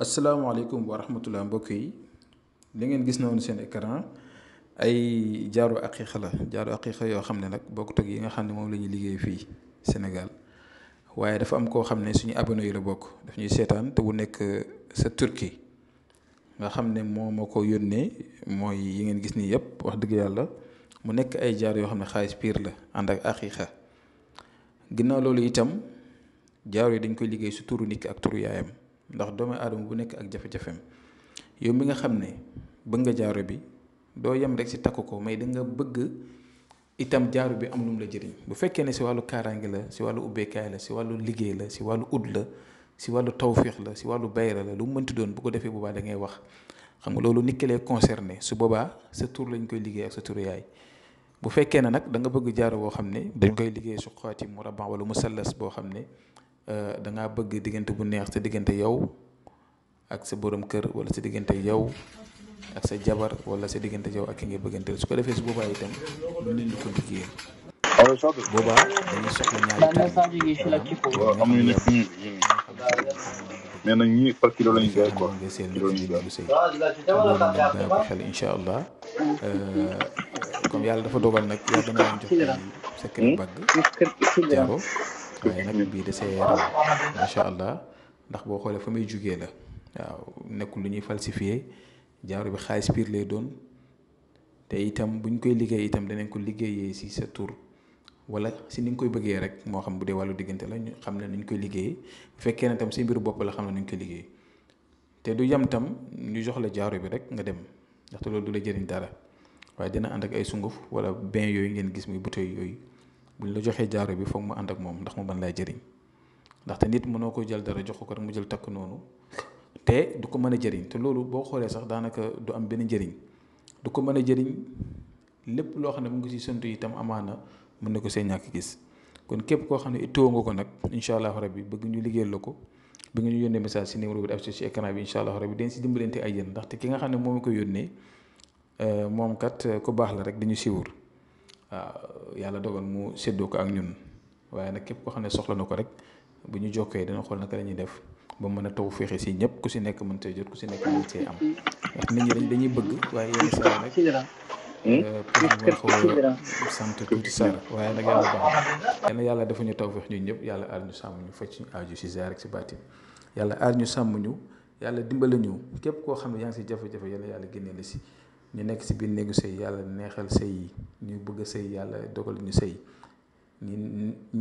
asalaamaaleykum wa rahmatulah mbokk yi li ngeen gis noonu seen écran ay jaaru aqiiqa la jaaru aqiiqa yoo xam ne nag bokkut ak yi nga xam ne moom la ñuy liggéey fii senegal waaye dafa am koo xam ne suñu abonné yi la bokk daf ñuy seetaan te bu nekk euh, sa turki nga xam ne moo ma ko yónnee mooy yi ngeen gis nii yëpp wax dëgg yàlla mu nekk ay jaar yoo xam ne xaalis piir la ànd ak aqiiqa ginnaaw loolu itam jaaru yi dañ koy liggéey su turu nit ak turu ndax doomu aadama bu nekk ak jafe-jafeem yow mi nga xam ne bëgg nga jaaro bi doo yam rek si takku ko may da nga bëgg itam jaaro bi am lu la jëriñ bu fekkee ne si wàllu kaaraange la si wàllu ubbeekaay la si wàllu liggéey la si wàllu ut la si wàllu tawfiix la si wàllu bayra la lu mu mënti doon bu ko defee boobaa da ngay wax xam nga loolu nit ki concerné su boobaa sa tour lañ koy liggéey ak sa tur yaay bu fekkee ne nag da nga bëgg jaaro boo xam ne dañ koy liggéey su xaati mu raban wala mu sallas boo xam ne Eh, da nga bëgg digënté bu neex ci digënté yow ak sa borom kër wala ci digënté yow ak sa jabar wala ci digënté yow ak ki ngay bëgganteel su ko defee su boba itam lu leen di ko liggéeyal boobaa dañuy soxla ñaari mais nak ñi par kilo lañu jaay quoi kilo lañu jaay sey loolu dana ko xel insha allah eh, comme yalla dafa dogal nak yalla dana ñu jox secret hmm? bagg jaaro waaye nag bii da see raw macha allah ndax boo xoolee fa muy jógee la waaw nekkul lu ñuy falsifié jaaro bi xaalis piir lay doon te itam bu ñu koy liggéey itam danañ ko liggéeyee si sa tur wala si ni koy bëggee rek moo xam bu dee wàllu diggante la ñu xam ne ni koy liggéeyee bu fekkee ne tam si mbiru bopp la xam ne ni ñu koy liggéey te du yam itam ñu jox la jaaro bi rek nga dem ndaxte loolu du la jëriñ dara waaye dina ànd ak ay sunguf wala bain yooyu ngeen gis muy bouteille yooyu. bu ñu la joxee jaaro bi foog mu ànd ak moom ndax mu man lay jariñ ndaxte nit mënoo ko jël dara jox ko rek mu jël takk noonu te du ko mën a jëriñ te loolu boo xoolee sax daanaka du am benn njëriñ du ko mën a jëriñ lépp loo xam ne mu ngi si sant yi itam amaana mun na ko see ñàkk gis kon képp koo xam ne ittoo nga ko nag incha allah bi bëgg ñu liggéey la ko bi nga ñu yónnee message ci numéro bi di affiché ci écran bi incha allah rabbi dañ ci dimbalante ay yéen ndaxte ki nga xam ne moom ko yónnee euh, moom kat ku baax la rek dañu siiwur waaw yàlla dogal mu séddoo ko ak ñun waaye nag képp koo xam ne soxla na ko rek bu ñu jokkee dina xool naka la def ba mën a taw féexe si ñëpp ku si nekk mën cee jot ku si nekk mën cee am ndax nit ñi dañuy bëgg waaye yenn saa rek euh, hmm? pour waaye nag yàlla baax na yàlla dafa ñu taw féex ñun ñëpp yàlla aar ñu sàmm ñu faj ñu aaju si ziar ak si baatin yàlla aar ñu sàmm ñu yàlla dimbali ñu képp koo xam ne yaa ngi si jafe-jafe yàlla yàlla génnee si ñu nekk si biir néegu sëy yàlla neexal sëy yi ñu bëgg a sëy yàlla dogal ñu sëy ñu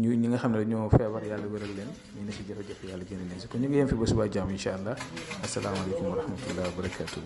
ñu ñi nga xam ne dañoo feebar yàlla wéral leen ñu ne si jafe-jafe yàlla génn leen si kon ñu ngi yem fi ba subaa jàmm incha allah asalaamaaleykum wa rahmatulah wa